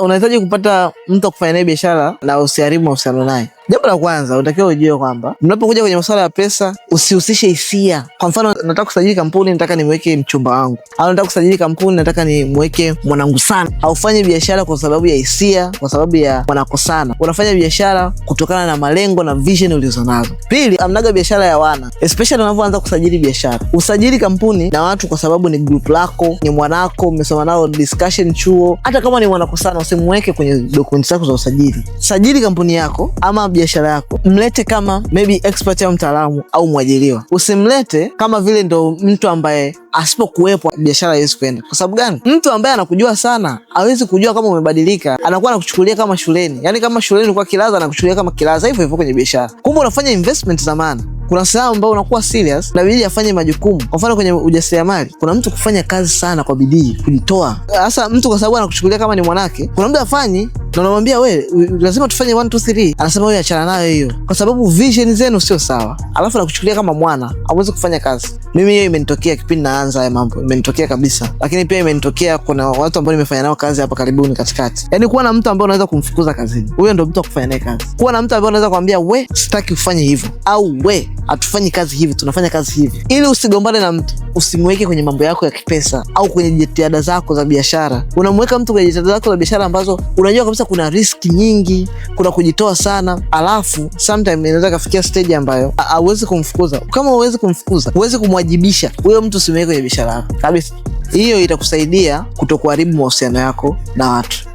Unahitaji kupata mtu akufanya naye biashara na usiharibu mahusiano naye. Jambo la kwanza unatakiwa ujue kwamba mnapokuja kwenye masuala ya pesa usihusishe hisia. Kwa mfano, nataka kusajili kampuni, nataka nimweke mchumba wangu, au nataka kusajili kampuni, nataka nimweke mwanangu sana. Haufanye biashara kwa sababu ya hisia, kwa sababu ya mwanako sana. Unafanya biashara kutokana na malengo na vision ulizonazo. Pili, amnaga biashara ya wana, especially unavyoanza kusajili biashara. Usajili kampuni na watu kwa sababu ni group lako, ni mwanako, mmesoma nao discussion chuo. Hata kama ni mwanako sana, usimweke kwenye dokumenti zako za usajili. Sajili kampuni yako ama biashara yako, mlete kama maybe expert au mtaalamu au mwajiriwa. Usimlete kama vile ndo mtu ambaye asipokuwepo biashara haiwezi kwenda. Kwa sababu gani? Mtu ambaye anakujua sana hawezi kujua kama umebadilika, anakuwa anakuchukulia kama shuleni, yani kama shuleni ulikuwa kilaza, anakuchukulia kama kilaza, hivyo hivyo kwenye biashara. Kumbe unafanya investment maana kuna sehemu ambayo unakuwa serious na bidii afanye majukumu. Kwa mfano kwenye ujasiriamali, kuna mtu kufanya kazi sana kwa bidii, kujitoa. hasa mtu kwa sababu anakuchukulia kama ni mwanake, kuna mtu afanyi na unamwambia we, lazima tufanye 1 anasema wewe achana nayo hiyo, kwa sababu vision zenu sio sawa, alafu nakuchukulia kama mwana, hauwezi kufanya kazi. Mimi hiyo imenitokea kipindi naanza haya mambo, imenitokea kabisa, lakini pia imenitokea, kuna watu ambao nimefanya nao kazi hapa karibuni katikati. Yani kuwa na mtu ambaye unaweza kumfukuza kazini, huyo ndio mtu akufanya naye kazi. Kuwa na mtu ambaye unaweza kumwambia we, sitaki ufanye hivyo, au we hatufanyi kazi hivi, tunafanya kazi hivi. Ili usigombane na mtu, usimweke kwenye mambo yako ya kipesa au kwenye jitihada zako za biashara. Unamweka mtu kwenye jitihada zako za biashara ambazo unajua kabisa kuna riski nyingi, kuna kujitoa sana, alafu sometime inaweza kafikia stage ambayo hauwezi kumfukuza. Kama huwezi kumfukuza, huwezi kumwajibisha huyo mtu, usimweke kwenye biashara yako kabisa. Hiyo itakusaidia kutokuharibu mahusiano yako na watu.